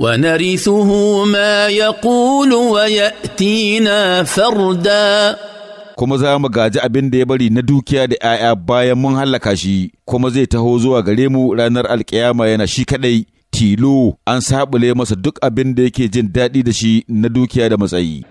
ونرثه ما يقول ويأتينا فردا kuma za mu gaji abin da ya bari na dukiya da ‘ya'ya bayan mun hallaka shi, kuma zai taho zuwa gare mu ranar alkiyama yana shi kaɗai, tilo an saɓule masa duk abin da yake jin daɗi da shi na dukiya da matsayi.